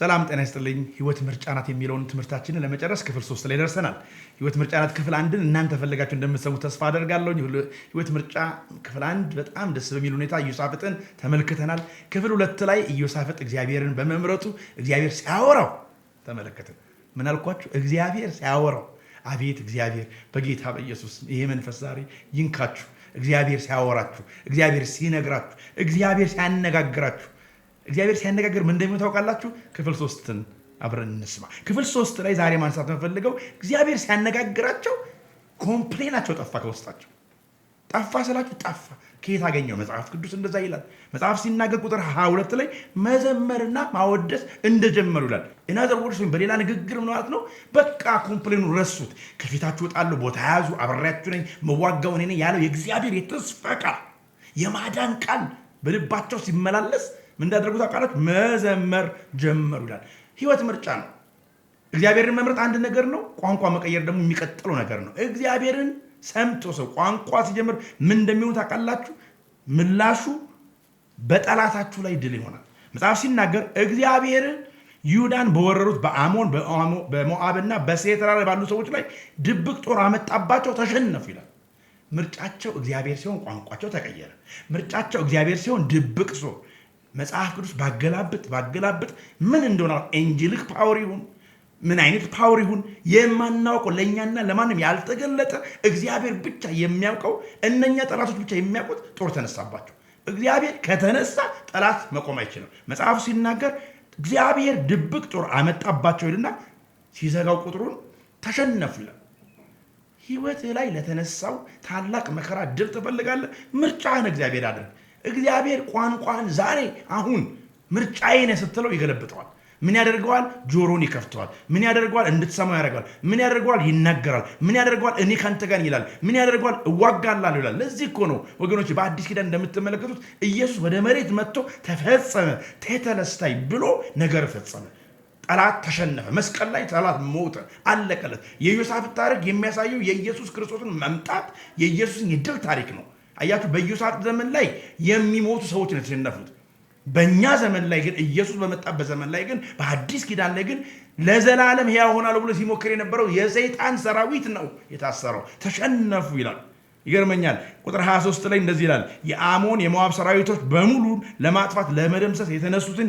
ሰላም ጤና ይስጥልኝ። ህይወት ምርጫ ናት የሚለውን ትምህርታችንን ለመጨረስ ክፍል ሶስት ላይ ደርሰናል። ህይወት ምርጫ ናት ክፍል አንድን እናንተ ፈለጋችሁ እንደምትሰሙ ተስፋ አደርጋለሁ። ህይወት ምርጫ ክፍል አንድ በጣም ደስ በሚል ሁኔታ ኢዮሳፍጥን ተመልክተናል። ክፍል ሁለት ላይ ኢዮሳፍጥ እግዚአብሔርን በመምረጡ እግዚአብሔር ሲያወራው ተመለከትን። ምን አልኳችሁ? እግዚአብሔር ሲያወራው አቤት እግዚአብሔር በጌታ በኢየሱስ ይሄ መንፈስ ዛሬ ይንካችሁ። እግዚአብሔር ሲያወራችሁ፣ እግዚአብሔር ሲነግራችሁ፣ እግዚአብሔር ሲያነጋግራችሁ እግዚአብሔር ሲያነጋግር ምን እንደሚሆን ታውቃላችሁ? ክፍል ሶስትን አብረን እንስማ። ክፍል ሶስት ላይ ዛሬ ማንሳት የምፈልገው እግዚአብሔር ሲያነጋግራቸው ኮምፕሌናቸው ጠፋ፣ ከውስጣቸው ጠፋ ስላችሁ ጠፋ። ከየት አገኘው? መጽሐፍ ቅዱስ እንደዛ ይላል። መጽሐፍ ሲናገር ቁጥር ሀያ ሁለት ላይ መዘመርና ማወደስ እንደጀመሩ ይላል። ኢናዘር ወርስ በሌላ ንግግር ምን ማለት ነው? በቃ ኮምፕሌኑ ረሱት። ከፊታችሁ ወጣለሁ፣ ቦታ ያዙ፣ አብሬያችሁ ነኝ፣ መዋጋው እኔ ነኝ ያለው የእግዚአብሔር የተስፋ ቃል የማዳን ቃል በልባቸው ሲመላለስ ምንዳደረጉት አቃላች መዘመር ጀመሩ ይላል። ህይወት ምርጫ ነው። እግዚአብሔርን መምረጥ አንድ ነገር ነው። ቋንቋ መቀየር ደግሞ የሚቀጥለው ነገር ነው። እግዚአብሔርን ሰምቶ ሰው ቋንቋ ሲጀምር ምን እንደሚሆኑ ታውቃላችሁ? ምላሹ በጠላታችሁ ላይ ድል ይሆናል። መጽሐፍ ሲናገር እግዚአብሔርን ይሁዳን በወረሩት በአሞን በሞአብና በሴር ተራራ ባሉ ሰዎች ላይ ድብቅ ጦር አመጣባቸው፣ ተሸነፉ ይላል። ምርጫቸው እግዚአብሔር ሲሆን ቋንቋቸው ተቀየረ። ምርጫቸው እግዚአብሔር ሲሆን ድብቅ ጦር መጽሐፍ ቅዱስ ባገላብጥ ባገላብጥ ምን እንደሆነ ኤንጅልክ ፓወር ይሁን ምን አይነት ፓወር ይሁን የማናውቀው ለእኛና ለማንም ያልተገለጠ እግዚአብሔር ብቻ የሚያውቀው እነኛ ጠላቶች ብቻ የሚያውቁት ጦር ተነሳባቸው። እግዚአብሔር ከተነሳ ጠላት መቆም አይችልም። መጽሐፉ ሲናገር እግዚአብሔር ድብቅ ጦር አመጣባቸው ይልና ሲዘጋው ቁጥሩን ተሸነፍለ ህይወት ላይ ለተነሳው ታላቅ መከራ ድል ትፈልጋለህ? ምርጫህን እግዚአብሔር አድርግ። እግዚአብሔር ቋንቋን ዛሬ አሁን ምርጫዬ ነህ ስትለው ይገለብጠዋል። ምን ያደርገዋል? ጆሮን ይከፍተዋል። ምን ያደርገዋል? እንድትሰማው ያደርገዋል። ምን ያደርገዋል? ይናገራል። ምን ያደርገዋል? እኔ ካንተ ጋር ይላል። ምን ያደርገዋል? እዋጋላለሁ ይላል። ለዚህ እኮ ነው ወገኖች፣ በአዲስ ኪዳን እንደምትመለከቱት ኢየሱስ ወደ መሬት መጥቶ ተፈጸመ ቴተለስታይ ብሎ ነገር ፈጸመ። ጠላት ተሸነፈ። መስቀል ላይ ጠላት ሞተ፣ አለቀለት። የዮሳፍጥ ታሪክ የሚያሳየው የኢየሱስ ክርስቶስን መምጣት የኢየሱስን የድል ታሪክ ነው። አያችሁ በኢዮሳፍጥ ዘመን ላይ የሚሞቱ ሰዎች ነው የተሸነፉት። በእኛ ዘመን ላይ ግን ኢየሱስ በመጣበት ዘመን ላይ ግን በአዲስ ኪዳን ላይ ግን ለዘላለም ሕያው ሆናሉ ብሎ ሲሞክር የነበረው የሰይጣን ሰራዊት ነው የታሰረው። ተሸነፉ ይላል። ይገርመኛል። ቁጥር 23 ላይ እንደዚህ ይላል፣ የአሞን የሞዓብ ሰራዊቶች በሙሉ ለማጥፋት ለመደምሰስ የተነሱትን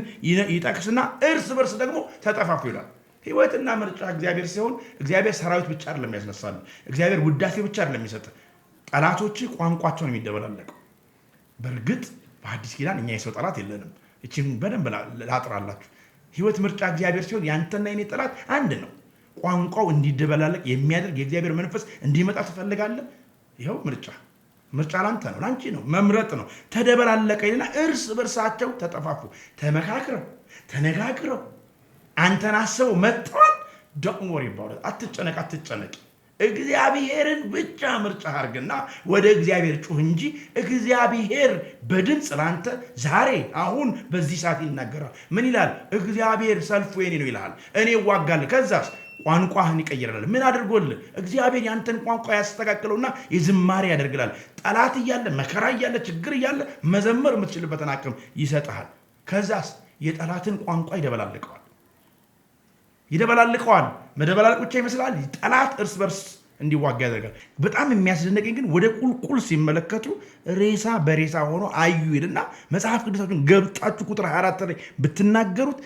ይጠቅስና እርስ በርስ ደግሞ ተጠፋፉ ይላል። ህይወትና ምርጫ እግዚአብሔር ሲሆን እግዚአብሔር ሰራዊት ብቻ አይደለም ያስነሳል። እግዚአብሔር ውዳሴ ብቻ አይደለም ጠላቶች ቋንቋቸውን የሚደበላለቀው። በእርግጥ በአዲስ ኪዳን እኛ የሰው ጠላት የለንም። እችን በደንብ ላጥራላችሁ። ህይወት ምርጫ እግዚአብሔር ሲሆን ያንተና የኔ ጠላት አንድ ነው። ቋንቋው እንዲደበላለቅ የሚያደርግ የእግዚአብሔር መንፈስ እንዲመጣ ትፈልጋለህ? ይኸው ምርጫ ምርጫ ላንተ ነው፣ ላንቺ ነው፣ መምረጥ ነው። ተደበላለቀ ይልና እርስ በርሳቸው ተጠፋፉ። ተመካክረው ተነጋግረው አንተን አስበው መጥተዋል። ደቅሞር ይባላል። አትጨነቅ፣ አትጨነቅ። እግዚአብሔርን ብቻ ምርጫ አርግና ወደ እግዚአብሔር ጩህ እንጂ እግዚአብሔር በድምፅ ላንተ ዛሬ አሁን በዚህ ሰዓት ይናገራል። ምን ይላል? እግዚአብሔር ሰልፉ የኔ ነው ይልሃል። እኔ እዋጋለሁ። ከዛስ ቋንቋህን ይቀይራል። ምን አድርጎልህ? እግዚአብሔር ያንተን ቋንቋ ያስተካክለውና የዝማሬ ያደርግላል። ጠላት እያለ መከራ እያለ ችግር እያለ መዘመር የምትችልበትን አቅም ይሰጥሃል። ከዛስ የጠላትን ቋንቋ ይደበላልቀዋል። ይደበላልቀዋል። መደበላልቅ ብቻ ይመስላል። ጠላት እርስ በርስ እንዲዋጋ ያደርጋል። በጣም የሚያስደነቀኝ ግን ወደ ቁልቁል ሲመለከቱ ሬሳ በሬሳ ሆኖ አዩ ይልና መጽሐፍ ቅዱሳችሁን ገብጣችሁ ቁጥር 24 ላይ ብትናገሩት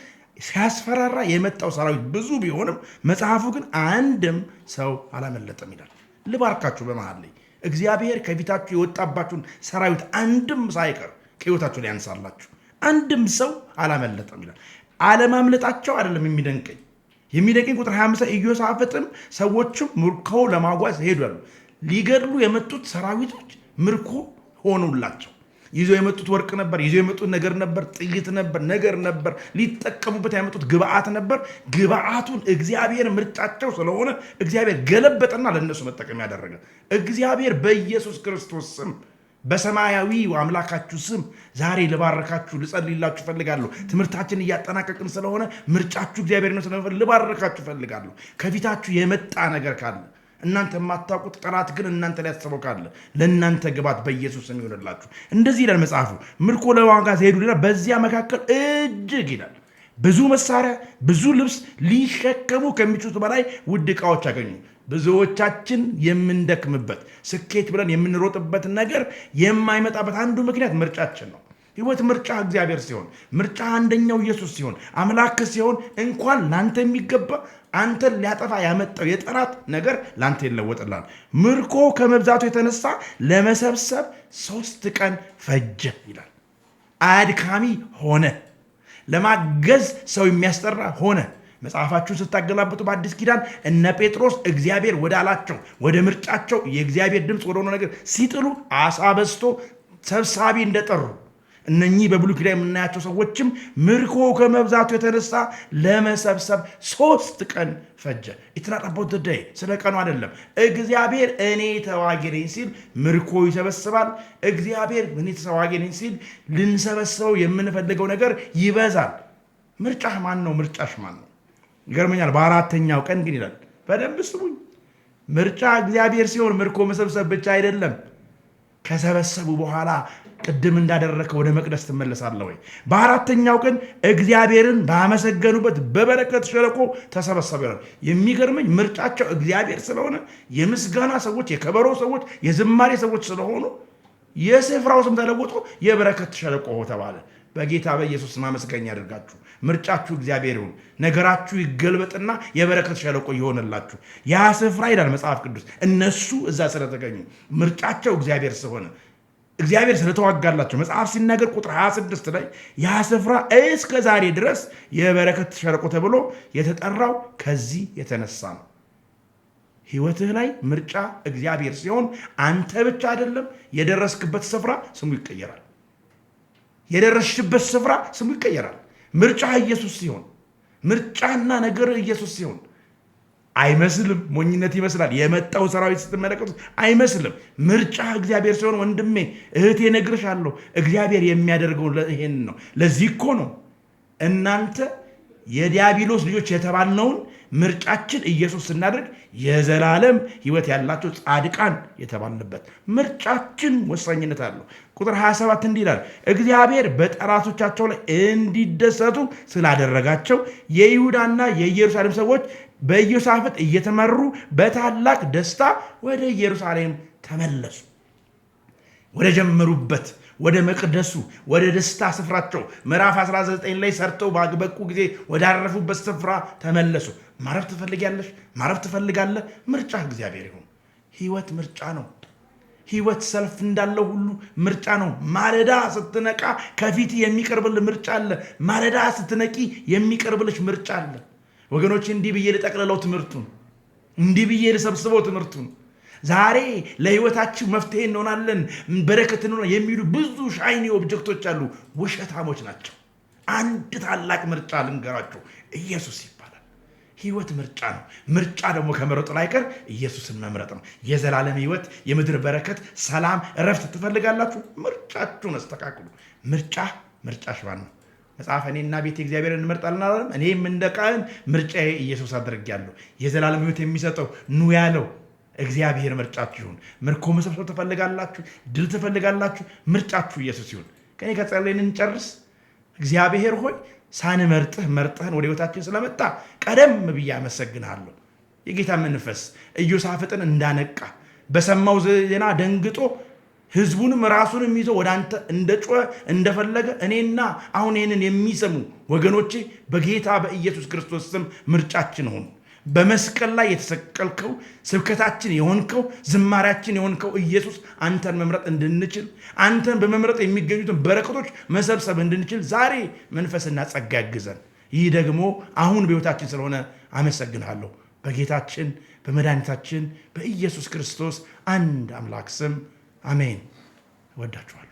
ሲያስፈራራ የመጣው ሰራዊት ብዙ ቢሆንም መጽሐፉ ግን አንድም ሰው አላመለጠም ይላል። ልባርካችሁ በመሃል ላይ እግዚአብሔር ከፊታችሁ የወጣባችሁን ሰራዊት አንድም ሳይቀር ከሕይወታችሁ ላይ ያንሳላችሁ። አንድም ሰው አላመለጠም ይላል። አለማምለጣቸው አይደለም የሚደንቀኝ የሚደቅኝ ቁጥር 25 ኢዮሳፍጥም ሰዎችም ምርኮው ለማጓዝ ሄዱ ያሉ ሊገድሉ የመጡት ሰራዊቶች ምርኮ ሆኑላቸው። ይዞ የመጡት ወርቅ ነበር፣ ይዞ የመጡት ነገር ነበር፣ ጥይት ነበር፣ ነገር ነበር፣ ሊጠቀሙበት ያመጡት ግብአት ነበር። ግብአቱን እግዚአብሔር ምርጫቸው ስለሆነ እግዚአብሔር ገለበጠና ለእነሱ መጠቀም ያደረገ እግዚአብሔር በኢየሱስ ክርስቶስ ስም በሰማያዊ አምላካችሁ ስም ዛሬ ልባረካችሁ ልጸልላችሁ እፈልጋለሁ። ትምህርታችን እያጠናቀቅን ስለሆነ ምርጫችሁ እግዚአብሔር ነው ስለሆነ ልባረካችሁ እፈልጋለሁ። ከፊታችሁ የመጣ ነገር ካለ እናንተ የማታውቁት ጠላት ግን እናንተ ላይ ያሰበው ካለ ለእናንተ ግባት በኢየሱስ ስም ይሆንላችሁ። እንደዚህ ይላል መጽሐፉ፣ ምርኮ ለዋጋ ሲሄዱ ሌላ በዚያ መካከል እጅግ ይላል ብዙ መሳሪያ፣ ብዙ ልብስ ሊሸከሙ ከሚችሉት በላይ ውድ ዕቃዎች አገኙ። ብዙዎቻችን የምንደክምበት ስኬት ብለን የምንሮጥበት ነገር የማይመጣበት አንዱ ምክንያት ምርጫችን ነው። ህይወት ምርጫ እግዚአብሔር ሲሆን፣ ምርጫ አንደኛው ኢየሱስ ሲሆን፣ አምላክ ሲሆን እንኳን ላንተ የሚገባ አንተን ሊያጠፋ ያመጣው የጠራት ነገር ላንተ ይለወጥላል። ምርኮ ከመብዛቱ የተነሳ ለመሰብሰብ ሶስት ቀን ፈጀ ይላል። አድካሚ ሆነ። ለማገዝ ሰው የሚያስጠራ ሆነ። መጽሐፋችሁን ስታገላብጡ በአዲስ ኪዳን እነ ጴጥሮስ እግዚአብሔር ወደ አላቸው ወደ ምርጫቸው የእግዚአብሔር ድምፅ ወደሆነ ነገር ሲጥሉ አሳ በዝቶ ሰብሳቢ እንደጠሩ እነኚህ በብሉ ኪዳን የምናያቸው ሰዎችም ምርኮ ከመብዛቱ የተነሳ ለመሰብሰብ ሶስት ቀን ፈጀ። የተናጠበት ጉዳይ ስለ ቀኑ አይደለም። እግዚአብሔር እኔ ተዋጊ ነኝ ሲል ምርኮ ይሰበስባል። እግዚአብሔር እኔ ተዋጊ ነኝ ሲል ልንሰበስበው የምንፈልገው ነገር ይበዛል። ምርጫሽ ማን ነው? ምርጫሽ ማን ነው? ይገርመኛል። በአራተኛው ቀን ግን ይላል በደንብ ስሙኝ። ምርጫ እግዚአብሔር ሲሆን ምርኮ መሰብሰብ ብቻ አይደለም። ከሰበሰቡ በኋላ ቅድም እንዳደረከ ወደ መቅደስ ትመለሳለ ወይ? በአራተኛው ቀን እግዚአብሔርን ባመሰገኑበት በበረከት ሸለቆ ተሰበሰቡ ይላል። የሚገርመኝ ምርጫቸው እግዚአብሔር ስለሆነ የምስጋና ሰዎች፣ የከበሮ ሰዎች፣ የዝማሬ ሰዎች ስለሆኑ የስፍራው ስም ተለውጦ የበረከት ሸለቆ ተባለ። በጌታ በኢየሱስ ስም አመስጋኝ ያደርጋችሁ። ምርጫችሁ እግዚአብሔር ይሁን። ነገራችሁ ይገልበጥና የበረከት ሸለቆ ይሆንላችሁ። ያ ስፍራ ይላል መጽሐፍ ቅዱስ እነሱ እዛ ስለተገኙ ምርጫቸው እግዚአብሔር ስለሆነ እግዚአብሔር ስለተዋጋላቸው መጽሐፍ ሲናገር ቁጥር 26 ላይ ያ ስፍራ እስከ ዛሬ ድረስ የበረከት ሸለቆ ተብሎ የተጠራው ከዚህ የተነሳ ነው። ህይወትህ ላይ ምርጫ እግዚአብሔር ሲሆን አንተ ብቻ አይደለም የደረስክበት ስፍራ ስሙ ይቀየራል። የደረስሽበት ስፍራ ስሙ ይቀየራል። ምርጫ ኢየሱስ ሲሆን፣ ምርጫና ነገር ኢየሱስ ሲሆን አይመስልም። ሞኝነት ይመስላል። የመጣው ሰራዊት ስትመለከቱ አይመስልም። ምርጫ እግዚአብሔር ሲሆን፣ ወንድሜ እህቴ እነግርሻለሁ፣ እግዚአብሔር የሚያደርገው ይሄን ነው። ለዚህ እኮ ነው እናንተ የዲያብሎስ ልጆች የተባልነውን ምርጫችን ኢየሱስ ስናደርግ የዘላለም ህይወት ያላቸው ጻድቃን የተባልንበት ምርጫችን ወሳኝነት አለው። ቁጥር 27 እንዲህ ይላል፣ እግዚአብሔር በጠራቶቻቸው ላይ እንዲደሰቱ ስላደረጋቸው የይሁዳና የኢየሩሳሌም ሰዎች በኢዮሳፍጥ እየተመሩ በታላቅ ደስታ ወደ ኢየሩሳሌም ተመለሱ ወደ ጀመሩበት ወደ መቅደሱ ወደ ደስታ ስፍራቸው ምዕራፍ 19 ላይ ሰርተው ባግበቁ ጊዜ ወዳረፉበት ስፍራ ተመለሱ። ማረፍ ትፈልጊያለሽ? ማረፍ ትፈልጋለህ? ምርጫ እግዚአብሔር ይሁን። ህይወት ምርጫ ነው። ህይወት ሰልፍ እንዳለው ሁሉ ምርጫ ነው። ማለዳ ስትነቃ ከፊት የሚቀርብልህ ምርጫ አለ። ማለዳ ስትነቂ የሚቀርብልሽ ምርጫ አለ። ወገኖች እንዲህ ብዬ ልጠቅልለው ትምህርቱን፣ እንዲህ ብዬ ልሰብስበው ትምህርቱን ዛሬ ለህይወታችሁ መፍትሄ እንሆናለን በረከት እንሆናለን የሚሉ ብዙ ሻይኒ ኦብጀክቶች አሉ። ውሸታሞች ናቸው። አንድ ታላቅ ምርጫ ልንገራችሁ፣ ኢየሱስ ይባላል። ህይወት ምርጫ ነው። ምርጫ ደግሞ ከመረጡ ላይቀር ኢየሱስን መምረጥ ነው። የዘላለም ህይወት፣ የምድር በረከት፣ ሰላም፣ እረፍት ትፈልጋላችሁ? ምርጫችሁን አስተካክሉ። ምርጫ ምርጫ ሽባን ነው። መጽሐፍ እኔና ቤት እግዚአብሔር እንመርጣለን አላለም? እኔም እንደ ቃል ምርጫዬ ኢየሱስ አድርጌያለሁ። የዘላለም ህይወት የሚሰጠው ኑ ያለው እግዚአብሔር ምርጫችሁ ይሁን። ምርኮ መሰብሰብ ትፈልጋላችሁ? ድል ትፈልጋላችሁ? ምርጫችሁ ኢየሱስ ይሁን። ከኔ ከጸለይን እንጨርስ። እግዚአብሔር ሆይ ሳንመርጥህ መርጠህን ወደ ህይወታችን ስለመጣ ቀደም ብዬ አመሰግንሃለሁ። የጌታ መንፈስ ኢዮሳፍጥን እንዳነቃ በሰማው ዜና ደንግጦ ህዝቡንም ራሱንም ይዞ ወደ አንተ እንደ ጮኸ እንደፈለገ እኔና አሁን ይህንን የሚሰሙ ወገኖቼ በጌታ በኢየሱስ ክርስቶስ ስም ምርጫችን ሆኑ። በመስቀል ላይ የተሰቀልከው ስብከታችን የሆንከው ዝማሪያችን የሆንከው ኢየሱስ አንተን መምረጥ እንድንችል አንተን በመምረጥ የሚገኙትን በረከቶች መሰብሰብ እንድንችል ዛሬ መንፈስና ጸጋ ያግዘን። ይህ ደግሞ አሁን በሕይወታችን ስለሆነ አመሰግንሃለሁ። በጌታችን በመድኃኒታችን በኢየሱስ ክርስቶስ አንድ አምላክ ስም አሜን። እወዳችኋለሁ።